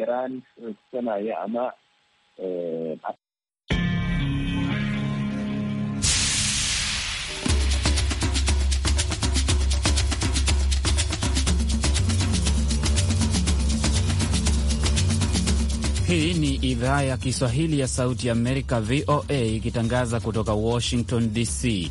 yaraan tana eh, ama eh, Hii ni idhaa ya Kiswahili ya Sauti ya Amerika, VOA, ikitangaza kutoka Washington DC.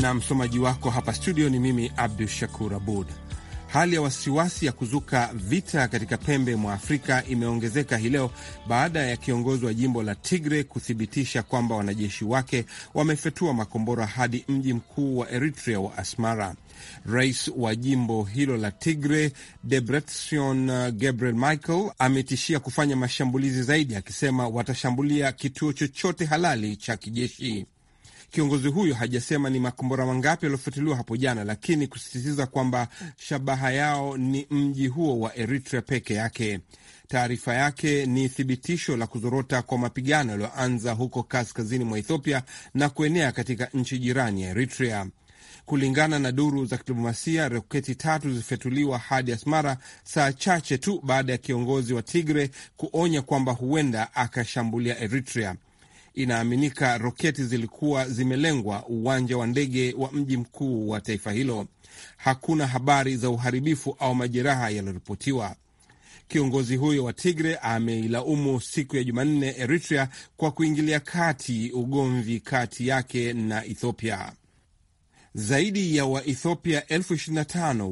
na msomaji wako hapa studio ni mimi Abdu Shakur Abud. Hali ya wasiwasi ya kuzuka vita katika pembe mwa Afrika imeongezeka hii leo baada ya kiongozi wa jimbo la Tigre kuthibitisha kwamba wanajeshi wake wamefetua makombora hadi mji mkuu wa Eritrea wa Asmara. Rais wa jimbo hilo la Tigre, Debretsion uh, Gabriel Michael, ametishia kufanya mashambulizi zaidi, akisema watashambulia kituo chochote halali cha kijeshi. Kiongozi huyo hajasema ni makombora mangapi yaliyofuatiliwa hapo jana, lakini kusisitiza kwamba shabaha yao ni mji huo wa Eritrea peke yake. Taarifa yake ni thibitisho la kuzorota kwa mapigano yaliyoanza huko kaskazini mwa Ethiopia na kuenea katika nchi jirani ya Eritrea. Kulingana na duru za kidiplomasia, roketi tatu zilifyatuliwa hadi Asmara saa chache tu baada ya kiongozi wa Tigre kuonya kwamba huenda akashambulia Eritrea inaaminika roketi zilikuwa zimelengwa uwanja wa ndege wa mji mkuu wa taifa hilo. Hakuna habari za uharibifu au majeraha yaliyoripotiwa. Kiongozi huyo wa Tigre ameilaumu siku ya Jumanne Eritrea kwa kuingilia kati ugomvi kati yake na Ethiopia. Zaidi ya Waethiopia elfu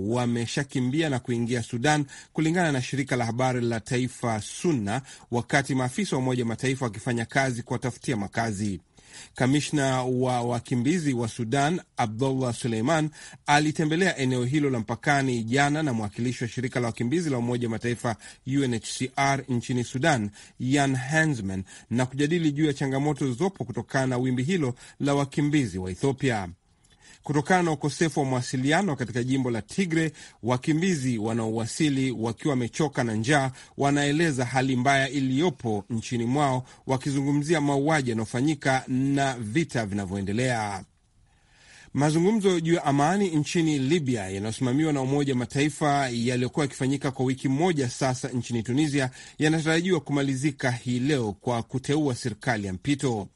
wameshakimbia na kuingia Sudan, kulingana na shirika la habari la taifa SUNA, wakati maafisa wa Umoja Mataifa wakifanya kazi kuwatafutia makazi. Kamishna wa wakimbizi wa Sudan Abdullah Suleiman alitembelea eneo hilo la mpakani jana na mwakilishi wa shirika la wakimbizi la Umoja Mataifa UNHCR nchini Sudan Yan Hansman na kujadili juu ya changamoto zilizopo kutokana na wimbi hilo la wakimbizi wa Ethiopia kutokana na ukosefu wa mawasiliano katika jimbo la Tigre. Wakimbizi wanaowasili wakiwa wamechoka na njaa wanaeleza hali mbaya iliyopo nchini mwao, wakizungumzia mauaji yanayofanyika na vita vinavyoendelea. Mazungumzo juu ya amani nchini Libya yanayosimamiwa na Umoja wa Mataifa yaliyokuwa yakifanyika kwa wiki moja sasa nchini Tunisia yanatarajiwa kumalizika hii leo kwa kuteua serikali ya mpito.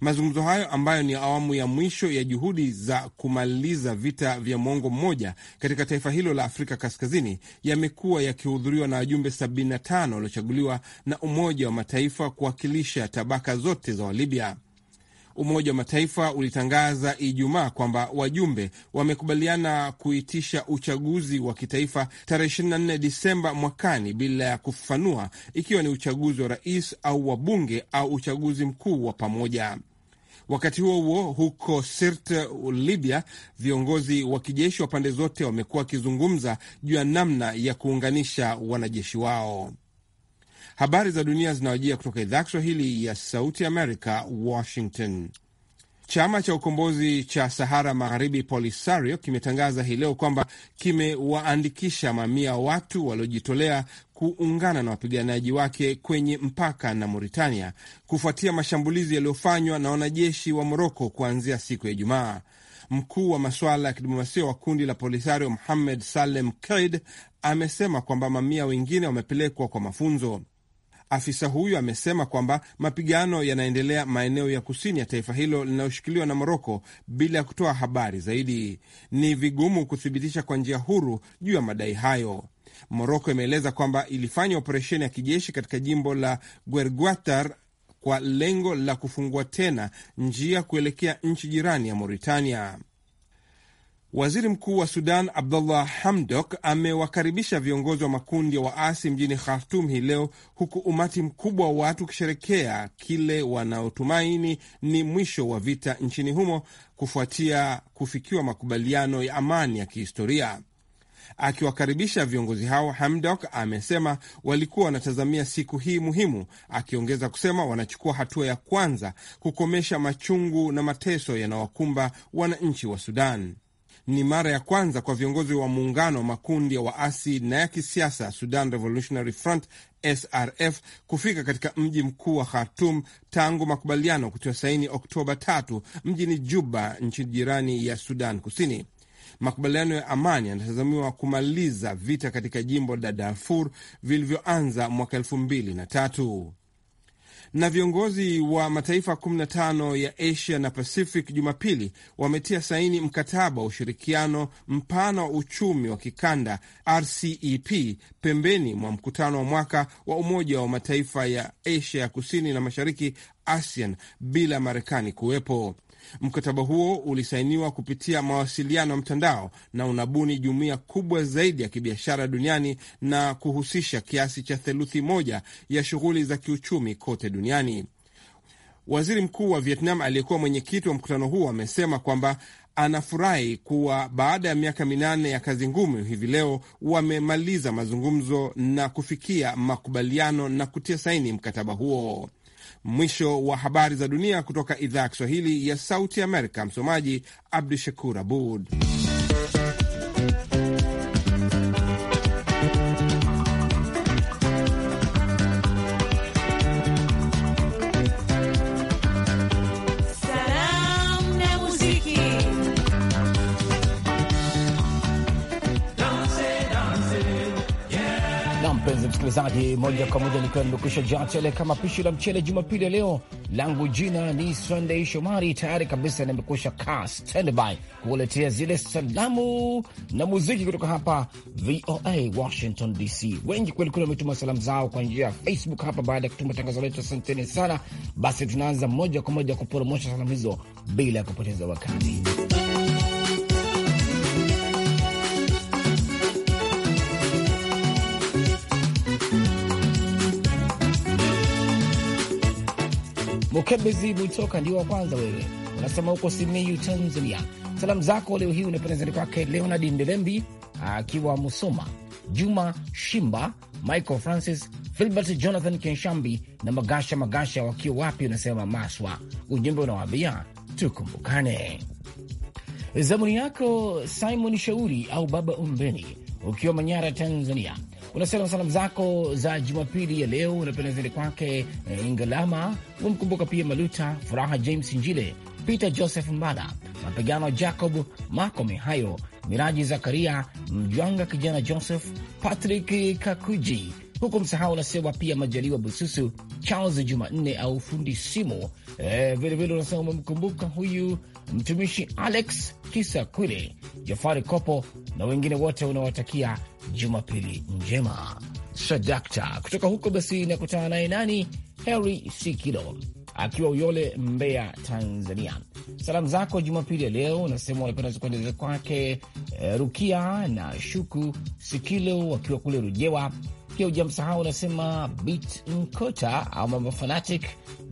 Mazungumzo hayo ambayo ni awamu ya mwisho ya juhudi za kumaliza vita vya mwongo mmoja katika taifa hilo la Afrika Kaskazini yamekuwa yakihudhuriwa na wajumbe 75 waliochaguliwa na Umoja wa Mataifa kuwakilisha tabaka zote za Walibya. Umoja wa Mataifa ulitangaza Ijumaa kwamba wajumbe wamekubaliana kuitisha uchaguzi wa kitaifa tarehe 24 Disemba mwakani bila ya kufafanua ikiwa ni uchaguzi wa rais au wabunge au uchaguzi mkuu wa pamoja. Wakati huo huo, huko Sirte, Libya, viongozi wa kijeshi wa pande zote wamekuwa wakizungumza juu ya namna ya kuunganisha wanajeshi wao. Habari za dunia zinawajia kutoka idhaa Kiswahili ya Sauti Amerika, Washington. Chama cha ukombozi cha Sahara Magharibi, Polisario, kimetangaza hii leo kwamba kimewaandikisha mamia watu waliojitolea kuungana na wapiganaji wake kwenye mpaka na Mauritania kufuatia mashambulizi yaliyofanywa na wanajeshi wa Moroko kuanzia siku ya Ijumaa. Mkuu wa masuala ya kidiplomasia wa kundi la Polisario, Muhamed Salem Kaid, amesema kwamba mamia wengine wamepelekwa kwa mafunzo. Afisa huyu amesema kwamba mapigano yanaendelea maeneo ya kusini ya taifa hilo linayoshikiliwa na Moroko bila ya kutoa habari zaidi. Ni vigumu kuthibitisha kwa njia huru juu ya madai hayo. Moroko imeeleza kwamba ilifanya operesheni ya kijeshi katika jimbo la Guerguatar kwa lengo la kufungua tena njia kuelekea nchi jirani ya Mauritania. Waziri Mkuu wa Sudan Abdullah Hamdok amewakaribisha viongozi wa makundi ya waasi mjini Khartum hii leo, huku umati mkubwa wa watu ukisherekea kile wanaotumaini ni mwisho wa vita nchini humo kufuatia kufikiwa makubaliano ya amani ya kihistoria. Akiwakaribisha viongozi hao, Hamdok amesema walikuwa wanatazamia siku hii muhimu, akiongeza kusema wanachukua hatua ya kwanza kukomesha machungu na mateso yanawakumba wananchi wa Sudan ni mara ya kwanza kwa viongozi wa muungano wa makundi ya waasi na ya kisiasa Sudan Revolutionary Front SRF kufika katika mji mkuu wa Khartum tangu makubaliano kutia saini Oktoba tatu mjini Juba, nchi jirani ya Sudan Kusini. Makubaliano ya amani yanatazamiwa kumaliza vita katika jimbo la Darfur vilivyoanza mwaka elfu mbili na tatu. Na viongozi wa mataifa 15 ya Asia na Pacific Jumapili wametia saini mkataba wa ushirikiano mpana wa uchumi wa kikanda RCEP pembeni mwa mkutano wa mwaka wa Umoja wa Mataifa ya Asia ya Kusini na Mashariki ASEAN bila Marekani kuwepo. Mkataba huo ulisainiwa kupitia mawasiliano ya mtandao na unabuni jumuiya kubwa zaidi ya kibiashara duniani na kuhusisha kiasi cha theluthi moja ya shughuli za kiuchumi kote duniani. Waziri Mkuu wa Vietnam aliyekuwa mwenyekiti wa mkutano huo amesema kwamba anafurahi kuwa baada ya miaka minane ya kazi ngumu hivi leo wamemaliza mazungumzo na kufikia makubaliano na kutia saini mkataba huo. Mwisho wa habari za dunia kutoka idhaa ya Kiswahili ya Sauti Amerika. Msomaji Abdu Shakur Abud. msikilizaji, moja kwa moja nikiwa nimekusha jaa tele kama pishi la mchele jumapili ya leo. Langu jina ni Sunday Shomari, tayari kabisa nimekusha kaa standby kukuletea zile salamu na muziki kutoka hapa VOA Washington DC. Wengi kwelikweli wametuma salamu zao kwa njia ya Facebook hapa baada ya kutuma tangazo letu, asanteni sana. Basi tunaanza moja kwa moja kuporomosha salamu hizo bila ya kupoteza wakati. Mukebezi Mwitoka ndio wa kwanza wewe, unasema huko Simiyu, Tanzania. Salamu zako leo hii unapenezani kwake Leonard Ndelembi akiwa Musoma, Juma Shimba, Michael Francis, Filbert Jonathan Kenshambi na Magasha Magasha wakiwa wapi, unasema Maswa. Ujumbe unawaambia tukumbukane. Zamuni yako Simon Shauri au Baba Umbeni ukiwa Manyara, Tanzania unasema salamu zako za Jumapili ya leo unapenda zile kwake eh, Ingalama, umkumbuka pia Maluta Furaha, James Njile, Peter Joseph Mbala, Mapigano Jacob Makome, hayo Miraji Zakaria Mjwanga, kijana Joseph Patrick Kakuji huku msahau unasema pia Majaliwa Bususu, Charles Jumanne au fundi simu vilevile. Eh, unasema umemkumbuka huyu mtumishi Alex Kisa Kwile, Jafari Kopo na wengine wote, unawatakia Jumapili njema. Sadakta kutoka huko basi, nakutana naye nani, Harry Sikilo akiwa Uyole, Mbeya, Tanzania. Salamu zako Jumapili ya leo unasema unapenda zikuendeleza kwake eh, Rukia na Shuku Sikilo wakiwa kule Rujewa pia ujamsahau unasema Bit Nkota au Mama Fanatic.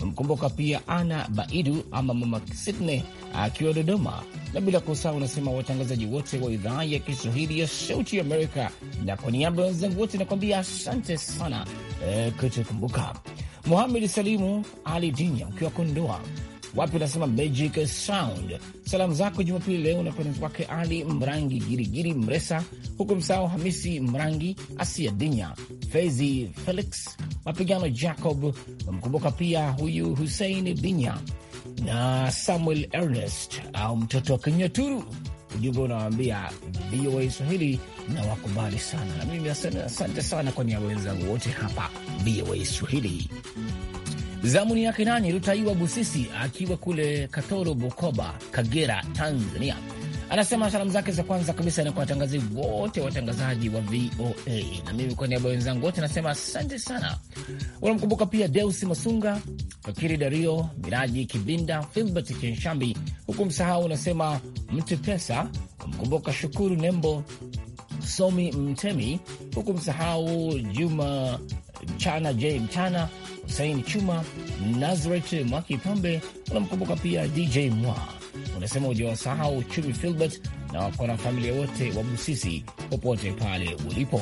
Memkumbuka pia Ana Baidu ama Mama sydney akiwa Dodoma, na bila kusahau unasema watangazaji wote wa idhaa ya Kiswahili ya Sauti Amerika, na kwa niaba ya wenzangu wote nakuambia asante sana e, kutukumbuka. Muhamed Salimu Ali Dinya ukiwa Kondoa wapi unasema magic sound. Salamu zako Jumapili leo unakwenda kwake Ali Mrangi Girigiri Mresa, huku msao Hamisi Mrangi, Asia Dinya, Fezi Felix Mapigano, Jacob mkumbuka pia huyu Hussein Dinya na Samuel Ernest au mtoto wa Kinyaturu. Ujumbe unawaambia VOA Swahili na wakubali sana, na mimi asante sana kwa niaba wenzangu wote hapa VOA Swahili. Zamu ni yake nani? Lutaiwa Busisi akiwa kule Katoro, Bukoba, Kagera, Tanzania, anasema salamu zake za kwanza kabisa ni kwa watangazi wote watangazaji wa VOA na mimi kwa niaba wenzangu wote nasema asante sana. Wanamkumbuka pia Deusi Masunga, Fakiri Dario, Miraji Kibinda, Filbert Kenshambi, huku msahau unasema mtu pesa wamkumbuka Shukuru Nembo, Somi Mtemi, huku msahau Juma Chana J mchana Husein Chuma, Nazaret Mwaki pombe unamkumbuka pia DJ Mwa. Unasema ujawasahau Chumi Filbert na wakona familia wote wa Busisi popote pale ulipo.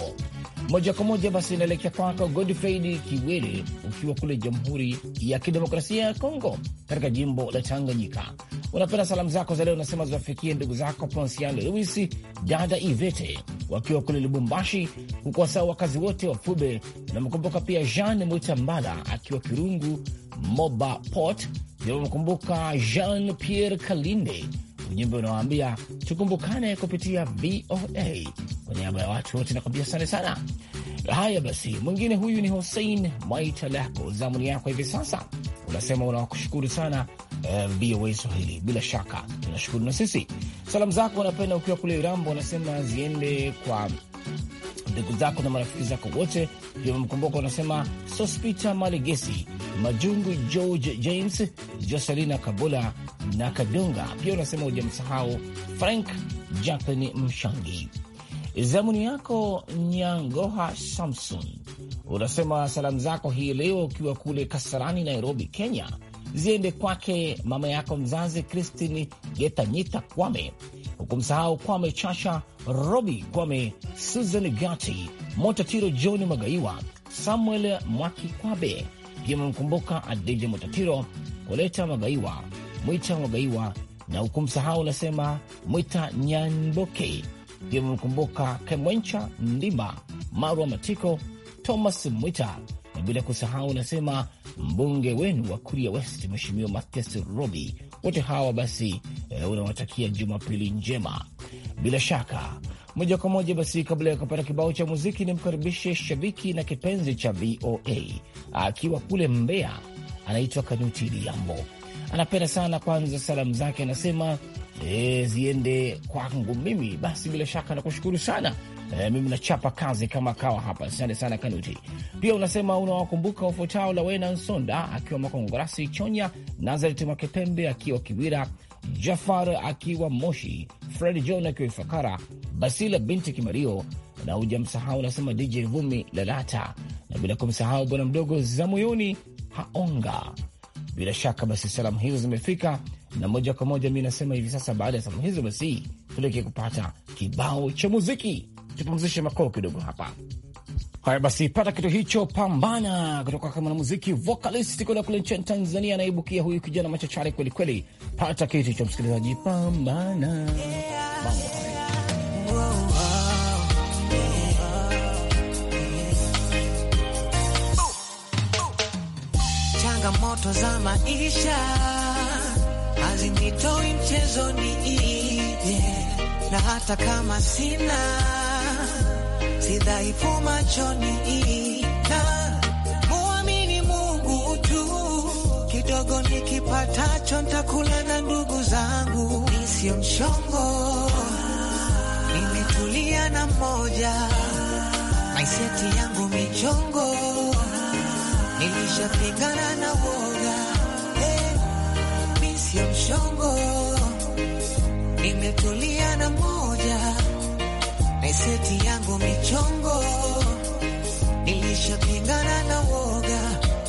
Moja kwa moja basi inaelekea kwako Godfred Kiwere, ukiwa kule Jamhuri ya Kidemokrasia ya Kongo katika jimbo la Tanganyika. Unapenda salamu zako za leo unasema ziwafikie ndugu zako ponsian Lewis, dada Ivete wakiwa kule Lubumbashi, huku wasaa wakazi wote wa Fube. Namkumbuka pia Jean Mutambala akiwa Kirungu Moba Port. Namkumbuka Jean Pierre Kalinde ujumbe unawaambia tukumbukane kupitia VOA. Kwa niaba ya watu wote nakwambia sante sana. Haya basi, mwingine huyu ni Hussein Mwaitalako, zamuni yako hivi sasa. Unasema unawakushukuru sana eh, VOA uh, Swahili. Bila shaka tunashukuru na sisi. Salamu zako wanapenda ukiwa kule Urambo, wanasema ziende kwa ndugu zako na marafiki zako wote. Pia wamemkumbuka wanasema Sospita Malegesi, Majungu George James, Joselina Kabula na Kadonga. Pia unasema hujamsahau Frank Jacklin Mshangi. Zamuni yako Nyangoha Samson unasema salamu zako hii leo ukiwa kule Kasarani, Nairobi, Kenya, ziende kwake mama yako mzazi Christine Getanyita Kwame hukumsahau Kwame Chacha, Robi Kwame, Susan Gati, Motatiro John Magaiwa, Samuel Mwakikwabe, Kimemkumbuka adije Motatiro, Koleta Magaiwa, Mwita Magaiwa na hukumsahau unasema Mwita Nyanboke, Kimemkumbuka Kemwencha Ndimba, Marwa Matiko, Thomas Mwita na bila kusahau unasema mbunge wenu wa Kuria West Mheshimiwa Mathias Robi wote hawa basi eh, unawatakia Jumapili njema bila shaka. Moja kwa moja basi, kabla ya kupata kibao cha muziki, nimkaribishe shabiki na kipenzi cha VOA akiwa kule Mbeya, anaitwa Kanuti Liambo. Anapenda sana kwanza salamu zake, anasema e, ziende kwangu mimi. Basi bila shaka nakushukuru sana eh, mimi nachapa kazi kama kawa hapa. Asante sana Kanuti. Pia unasema unawakumbuka wafuatao: Lawena Nsonda akiwa Makongorasi Chonya, Nazareti Mwakipembe akiwa Kiwira, Jafar akiwa Moshi, Fred John akiwa Ifakara, Basila binti Kimario na hujamsahau unasema DJ Vumi Lalata, na bila kumsahau bwana mdogo za moyoni Haonga. Bila shaka basi salamu hizo zimefika, na moja kwa moja mi nasema hivi sasa, baada ya salamu hizo basi tuleke kupata kibao cha muziki tupumzishe makoo kidogo hapa. Haya basi, pata kitu hicho, pambana kutoka kwa mwanamuziki vocalist kutoka kule nchini Tanzania, anaibukia huyu kijana machachari kweli kweli. Pata kitu hicho, msikilizaji, pambana Bamba. Changamoto za maisha hazinitoi mchezoni, na hata kama sina si dhaifu machoni, muamini Mungu tu. Kidogo nikipatacho ntakula na ndugu zangu, nisio mshongo, nimetulia na mmoja, maiseti yangu michongo, nilishapigana na woga, nisio eh, mshongo, nimetulia na mmoja Seti yangu michongo nilishapingana na woga,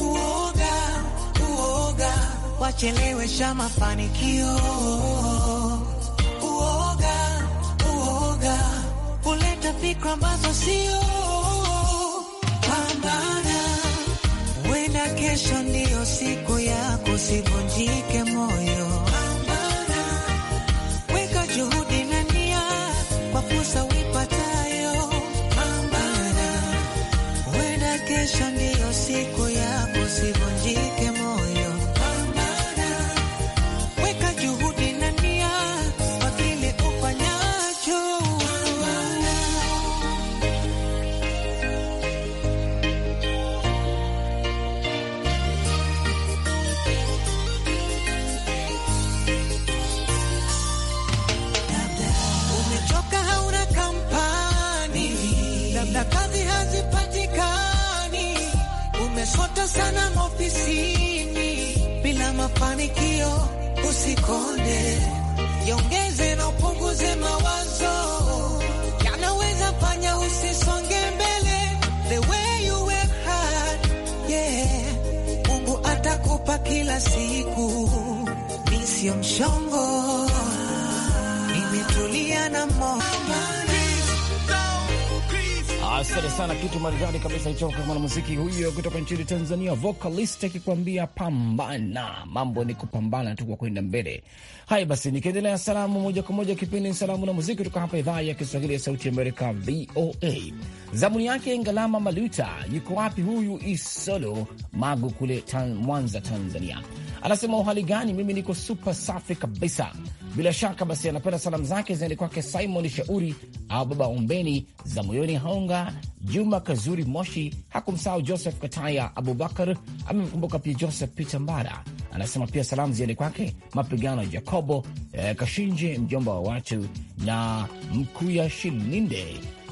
uoga, uoga wachelewesha mafanikio, uoga, uoga kuleta fikra ambazo sio. Pambana, wenda kesho ndiyo siku yako, sivunjike moyo. Umeshota sana ofisini bila mafanikio, usikonde, yongeze na upunguze mawazo, yanaweza fanya usisonge mbele. The way you work hard, yeah, Mungu atakupa kila siku. Mimi mshongo, nimetulia na moyo Asante sana, kitu maridadi kabisa hicho kwa mwanamuziki huyo kutoka nchini Tanzania, vocalist akikwambia pambana. Mambo ni kupambana tu kwa kwenda mbele. Haya basi, nikiendelea salamu moja kwa moja, kipindi salamu na muziki kutoka hapa idhaa ya Kiswahili ya sauti Amerika, VOA. Zamuni yake Ngalama Maluta, yuko wapi huyu? Isolo Magu kule tan, Mwanza, Tanzania, anasema uhali gani? Mimi niko super safi kabisa bila shaka basi, anapenda salamu zake ziende kwake Simon Shauri au Baba Ombeni za moyoni, honga Juma Kazuri Moshi. Hakumsahau Joseph Kataya Abubakar, amemkumbuka pia Joseph Peter Mbara. Anasema pia salamu ziende kwake Mapigano Jacobo eh, Kashinje mjomba wa watu na Mkuya Shilinde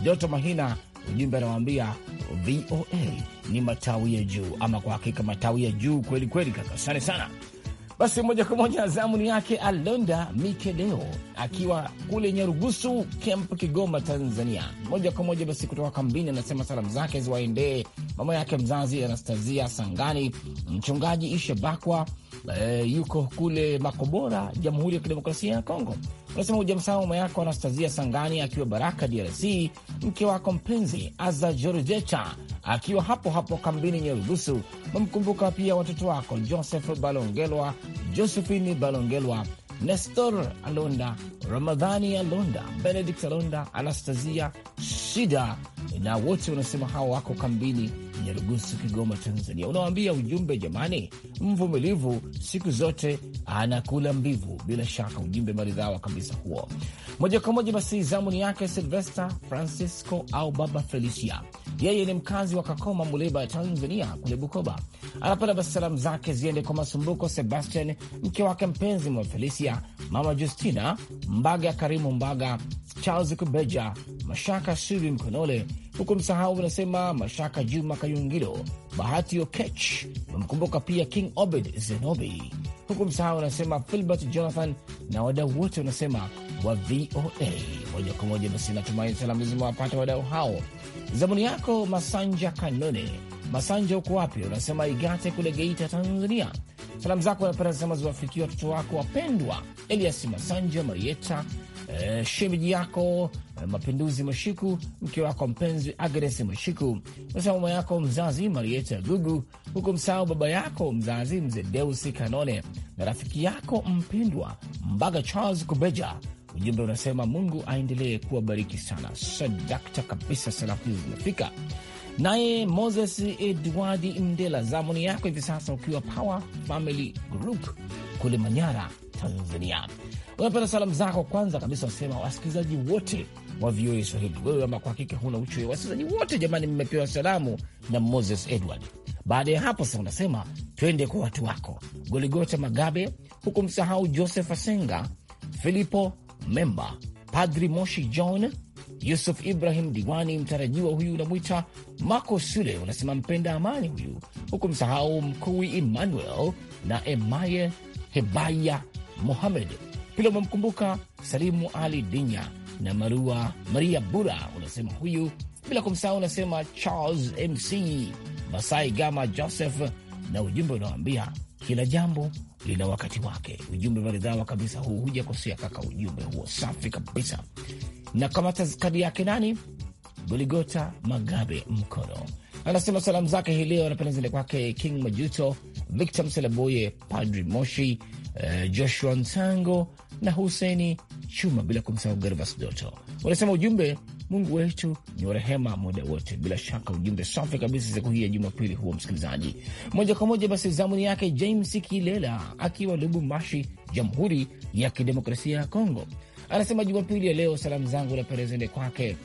Doto Mahina. Ujumbe anawaambia VOA ni matawi ya juu, ama kwa hakika matawi ya juu kweli kweli. Kaka, asante sana basi moja kwa moja zamuni yake Alonda Mikedeo akiwa kule Nyarugusu Kemp, Kigoma, Tanzania. Moja kwa moja basi kutoka kambini, anasema salamu zake ziwaendee mama yake mzazi Anastazia Sangani, mchungaji Ishe Bakwa, Eh, yuko kule Makobora, Jamhuri ya Kidemokrasia ya Kongo. Unasema hujamsahau mama yako Anastazia Sangani akiwa Baraka, DRC, mke wako mpenzi Aza Jorjecha akiwa hapo hapo kambini Nyarugusu. Mamkumbuka pia watoto wako Joseph Balongelwa, Josephini Balongelwa, Nestor Alonda, Ramadhani Alonda, Benedict Alonda, Anastazia Shida, na wote wanasema hawa wako kambini Nyarugusu, Kigoma, Tanzania, unawaambia ujumbe, jamani, mvumilivu siku zote anakula mbivu. Bila shaka ujumbe maridhawa kabisa huo. Moja kwa moja basi zamuni yake Silvester Francisco au Baba Felicia yeye ni mkazi wa Kakoma, Muleba, Tanzania, kule Bukoba. Anapenda basi salamu zake ziende kwa Masumbuko Sebastian, mke wake mpenzi Mwa Felicia, mama Justina Mbaga, Karimu Mbaga, Charles Kubeja, Mashaka Subi Mkonole, huku msahau unasema Mashaka Juma Kayungilo, Bahati Okech. Memkumbuka pia King Obed Zenobi huku msahau unasema Filbert Jonathan na wadau wote wanasema wa VOA moja kwa moja. Basi natumaini salamu zimewapata wadau hao. Zamuni yako Masanja Kanone Masanja uko wapi? Unasema Igate kule Geita, Tanzania. Salamu zako napenda sema ziwafikia watoto wako wapendwa Elias Masanja, Marieta e, eh, shemeji yako e, Mapinduzi Mashiku, mke wako mpenzi Agnes Mashiku. Unasema mama yako mzazi Marieta Gugu, huku msahau baba yako mzazi mzee Deusi Kanone na rafiki yako mpendwa Mbaga Charles Kubeja. Ujumbe unasema Mungu aendelee kuwabariki sana. Sadakta kabisa, salamu hizi zinafika Naye Moses Edwardi Mdela, zamuni yako hivi sasa ukiwa Power Family Group kule Manyara, Tanzania, unapata salamu zako kwanza kabisa wasema wasikilizaji wote wa VOA Swahili. Wewe ama kwa hakika huna uchu, wasikilizaji wote jamani, mmepewa salamu na Moses Edward. Baada ya hapo sasa unasema twende kwa watu wako Goligota Magabe, huku msahau Joseph Asenga, Filipo Memba, Padri Moshi John Yusuf Ibrahim diwani mtarajiwa huyu unamwita Mako Sule, unasema mpenda amani huyu, huku msahau Mkui Emmanuel na Emaye Hebaya Mohamed. Pila umemkumbuka Salimu Ali Dinya na Marua Maria Bura, unasema huyu, bila kumsahau unasema Charles Mc Masai Gama Joseph, na ujumbe unawambia kila jambo lina wakati wake. Ujumbe maridhawa kabisa huu, hujakosea kaka, ujumbe huo safi kabisa na kamata kadi yake nani, Goligota Magabe Mkono anasema salamu zake hii leo anapenda zile kwake King Majuto, Victor Mselebuye, Padri Moshi, uh, Joshua Nsango na Huseni Chuma, bila kumsahau Gervas Doto. Wanasema ujumbe, Mungu wetu ni warehema muda wote. Bila shaka ujumbe safi kabisa siku hii ya Jumapili huo, msikilizaji. Moja kwa moja basi zamuni yake James Kilela akiwa Lubumbashi, Jamhuri ya Kidemokrasia ya Kongo Anasema Jumapili ya leo salamu zangu na perezende kwake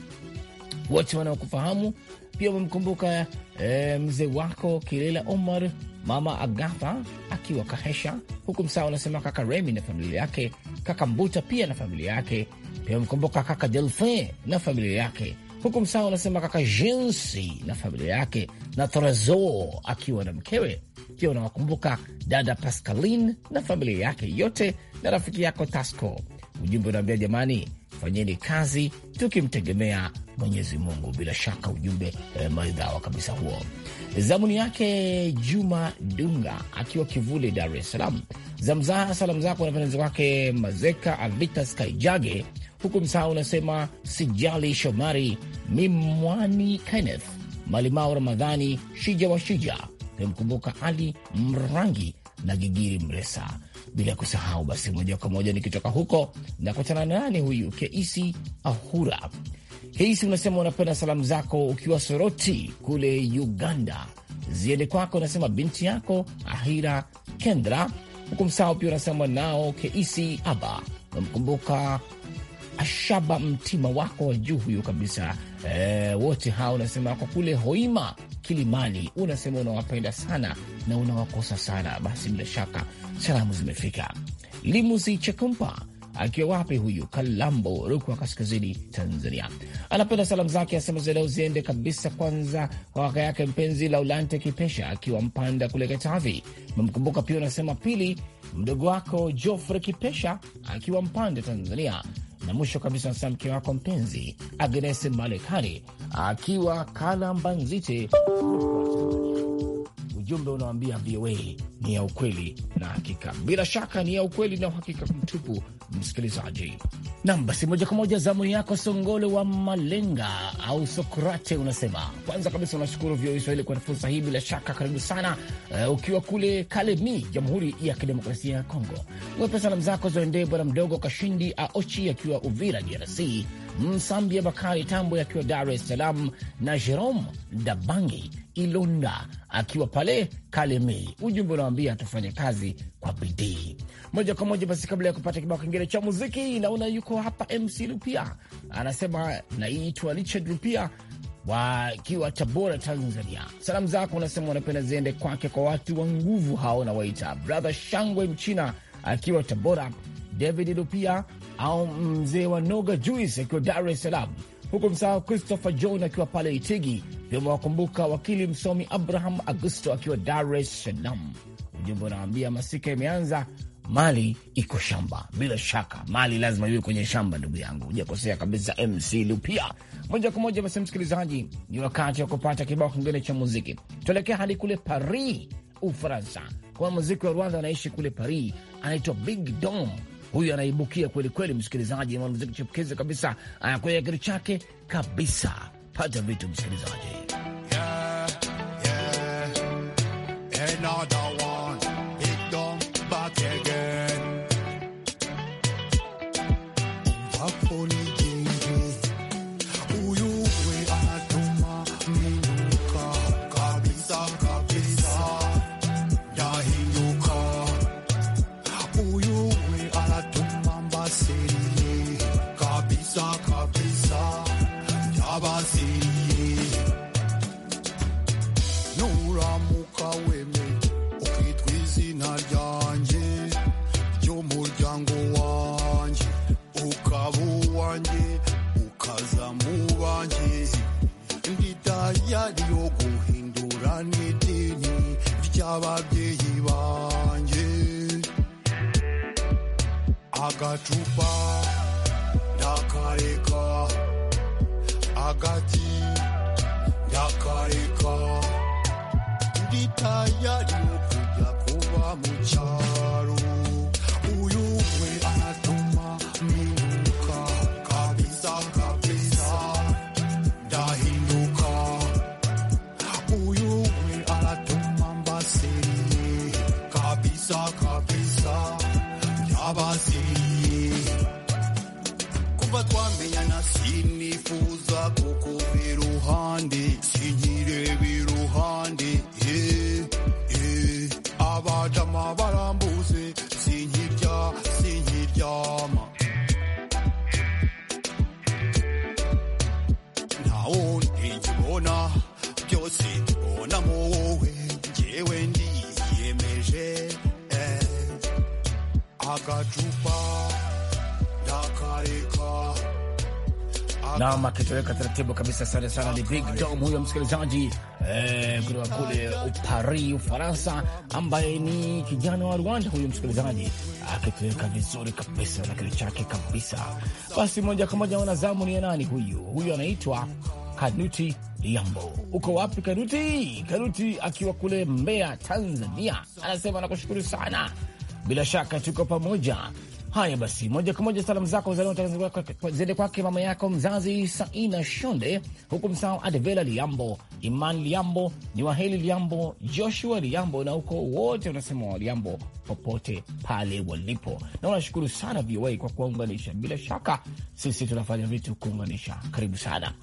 wote wanaokufahamu, pia wamemkumbuka e, mzee wako Kilela Omar, mama Agatha akiwa Kahesha huku Msaa. Anasema kaka Remi na familia yake, kaka Mbuta pia na familia yake, pia wamemkumbuka kaka Delfin na familia yake huku Msaa. Anasema kaka Jensi na familia yake na Thorazo akiwa na mkewe pia unawakumbuka dada Pascaline na familia yake yote na rafiki yako Tasco Ujumbe unaambia jamani, fanyeni kazi tukimtegemea Mwenyezi Mungu. Bila shaka ujumbe eh, maridhawa kabisa huo. Zamuni yake Juma Dunga akiwa Kivule, Dar es Salaam. Zamzaa salamu zako na pendezo wake Mazeka Avitas Kaijage huku msahau, unasema Sijali Shomari Mimwani, Kenneth Malimao, Ramadhani Shija wa Shija, nimemkumbuka Ali Mrangi na Gigiri Mresa bila kusahau basi, moja kwa moja nikitoka huko nakutana nani huyu Keisi Ahura Keisi, unasema unapenda salamu zako ukiwa Soroti kule Uganda ziende kwako, unasema binti yako Ahira Kendra huku msao, pia unasema nao Keisi Aba namkumbuka Ashaba Mtima wako wa juu huyu kabisa. E, wote hawa unasema wako kule Hoima Kilimani, unasema unawapenda sana na unawakosa sana. Basi bila shaka salamu zimefika. Limusi Chekumpa akiwa wapi huyu Kalambo, Rukwa Kaskazini, Tanzania, anapenda salamu zake asema za ziende kabisa kwanza kwa kaka yake mpenzi Laulante Kipesha akiwa Mpanda kule Katavi. Memkumbuka pia unasema pili, mdogo wako Jofre Kipesha akiwa Mpanda, Tanzania na mwisho kabisa, nasema mke wako mpenzi Agnes malekari akiwa kala Nzite, ujumbe unawambia VOA ni ya ukweli na hakika, bila shaka ni ya ukweli na uhakika mtupu, msikilizaji. Nam basi, moja kwa moja zamu yako Songole wa Malenga au Sokrate, unasema kwanza kabisa unashukuru vyo Swahili kwa fursa hii, bila shaka karibu sana. Uh, ukiwa kule Kalemi, Jamhuri ya Kidemokrasia ya Kongo, wepe salamu zako zaendee bwana mdogo Kashindi Aochi akiwa Uvira DRC, Msambi ya Bakari Tambo akiwa Dar es Salaam na Jerome Dabangi Ilonda akiwa pale Kalemie. Ujumbe unawambia tufanye kazi kwa bidii. Moja kwa moja basi, kabla ya kupata kibao kingine cha muziki, naona yuko hapa MC Lupia anasema naitwa Richard Lupia wakiwa Tabora, Tanzania. Salamu zako unasema unapenda ziende kwake kwa watu wa nguvu hao, nawaita brother Shangwe Mchina akiwa Tabora, David Lupia au mzee wa Noga Juice akiwa Dar es Salaam huku msahau Christopher John akiwa pale Itigi, wakumbuka wakili msomi Abraham Augusto akiwa Dar es Salaam. Ujumbe unaambia masika imeanza, mali iko shamba. Bila shaka mali lazima iwe kwenye shamba, ndugu yangu, hujakosea kabisa, MC Lupia. Moja kwa moja basi, msikilizaji, ni wakati wa kupata kibao kingine cha muziki. Tuelekea hadi kule Paris, Ufaransa, kwa muziki wa Rwanda anaishi kule Paris, anaitwa Big Dom huyu anaibukia kweli kweli, msikilizaji, mwanamuziki chipukizi kabisa, anakwea kitu chake kabisa. Pata vitu msikilizaji, yeah, yeah, yeah, ababyeyi banjye agacupa ndakareka agati ndakareka nditayariyo kuba twamenyana sinifuza kukubera iruhande sinkireba iruhande eh, eh, abajama barambuze sinkirya sinkiryama ntawundi nkibona byose mbibonamo wowe njyewe ndiyemeje eh, agacupa nam akitoweka taratibu kabisa. Asante sana, ni Big Dom huyo msikilizaji eh, kutoka kule Upari, Ufaransa, ambaye ni kijana wa Rwanda huyo msikilizaji, akitoweka vizuri kabisa na kile chake kabisa. Basi moja kwa moja wanazamu ni nani huyu? Huyu anaitwa Kanuti Liambo. Uko wapi Kanuti? Kanuti akiwa kule Mbeya, Tanzania, anasema nakushukuru sana bila shaka tuko pamoja Haya basi, moja kwa moja salamu zako zende kwake mama yako mzazi Saina Shonde, huku msao Adevela Liambo, Iman Liambo, ni Waheli Liambo, Joshua Liambo na huko wote wanasema wa Liambo popote pale walipo, na unashukuru sana VOA kwa kuwaunganisha. Bila shaka sisi tunafanya vitu kuunganisha. Karibu sana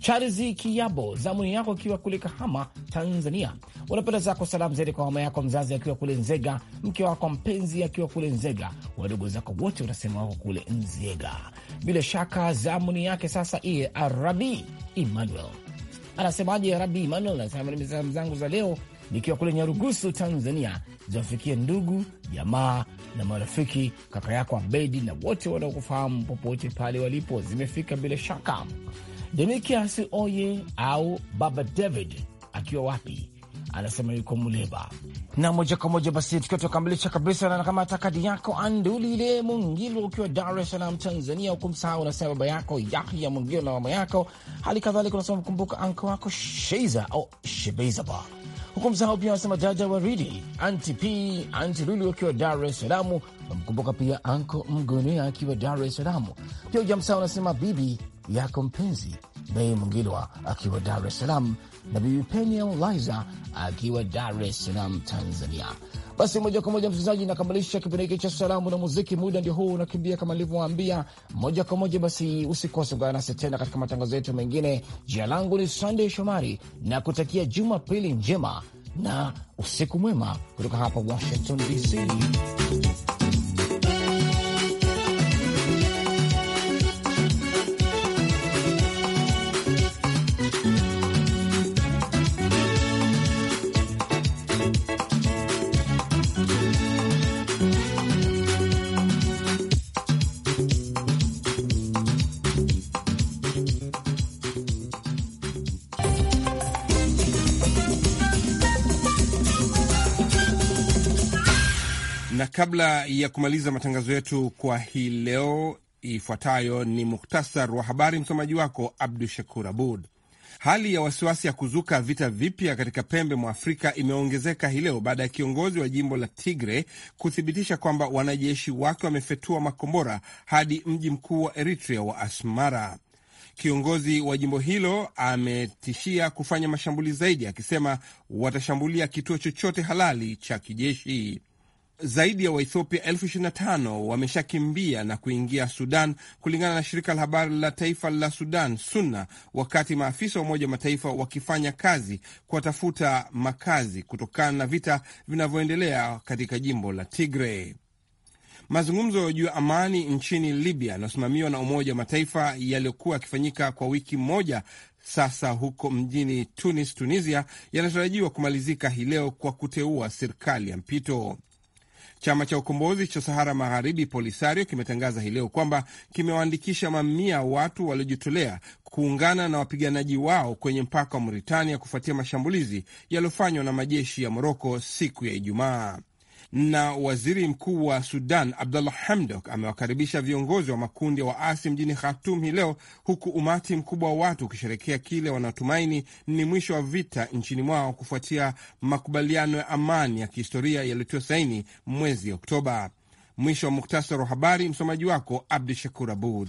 Charles Kiabo, zamuni yako akiwa kule Kahama, Tanzania. Unapenda zako salamu zaidi kwa mama yako mzazi akiwa kule Nzega, mke wako mpenzi akiwa kule Nzega, wadogo zako wote wanasema wako kule Nzega. Bila shaka zamuni yake sasa iye Arabi Emmanuel anasemaje? Arabi Emmanuel anasema salamu zangu za leo nikiwa kule Nyarugusu, Tanzania, ziwafikie ndugu jamaa na marafiki, kaka yako Abedi na wote wanaokufahamu popote pale walipo. Zimefika bila shaka. Demikiasi Oye au Baba David akiwa wapi anasema yuko Muleba. Na moja kwa moja basi tukiwa tunakamilisha kabisa na kama kadi yako Andulile Mungilo ukiwa Dar es Salaam, Tanzania. Ukumsahau unasema baba yako Yahya Mungilo na mama yako, hali kadhalika unasema mkumbuka anko wako Sheiza au Shebeizaba huku msahau pia wanasema dada Waridi anti p anti luli wakiwa Dar es Salaam. Namkumbuka pia anko Mgonea akiwa Dar es Salaam. Pia ujamsahau unasema bibi yako mpenzi Bei Mungilwa akiwa Dar es Salaam na Bibi Penia Liza akiwa Dar es Salaam, Tanzania. Basi moja kwa moja msikilizaji, nakamilisha kipindi hiki cha salamu na muziki. Muda ndio huu unakimbia kama nilivyowaambia, moja kwa moja. Basi usikose ungana nasi tena katika matangazo yetu mengine. Jina langu ni sandey Shomari na kutakia Jumapili njema na usiku mwema kutoka hapa Washington DC. kabla ya kumaliza matangazo yetu kwa hii leo, ifuatayo ni muhtasar wa habari. Msomaji wako Abdu Shakur Abud. Hali ya wasiwasi ya kuzuka vita vipya katika pembe mwa Afrika imeongezeka hii leo baada ya kiongozi wa jimbo la Tigre kuthibitisha kwamba wanajeshi wake wamefetua makombora hadi mji mkuu wa Eritrea wa Asmara. Kiongozi wa jimbo hilo ametishia kufanya mashambulizi zaidi, akisema watashambulia kituo chochote halali cha kijeshi zaidi ya Waethiopia elfu wameshakimbia na kuingia Sudan, kulingana na shirika la habari la taifa la Sudan SUNA, wakati maafisa wa Umoja wa Mataifa wakifanya kazi kuwatafuta makazi kutokana na vita vinavyoendelea katika jimbo la Tigray. Mazungumzo juu ya amani nchini Libya yanayosimamiwa na Umoja wa Mataifa yaliyokuwa yakifanyika kwa wiki moja sasa huko mjini Tunis, Tunisia, yanatarajiwa kumalizika hii leo kwa kuteua serikali ya mpito. Chama cha ukombozi cha Sahara Magharibi Polisario kimetangaza hii leo kwamba kimewaandikisha mamia watu waliojitolea kuungana na wapiganaji wao kwenye mpaka wa Mauritania kufuatia mashambulizi yaliyofanywa na majeshi ya Moroko siku ya Ijumaa na waziri mkuu wa Sudan Abdullah Hamdok amewakaribisha viongozi wa makundi ya wa waasi mjini Khartum hii leo, huku umati mkubwa wa watu ukisherekea kile wanatumaini ni mwisho wa vita nchini mwao kufuatia makubaliano ya amani ya kihistoria yaliyotiwa saini mwezi Oktoba. Mwisho wa muktasari wa habari. Msomaji wako Abdu Shakur Abud.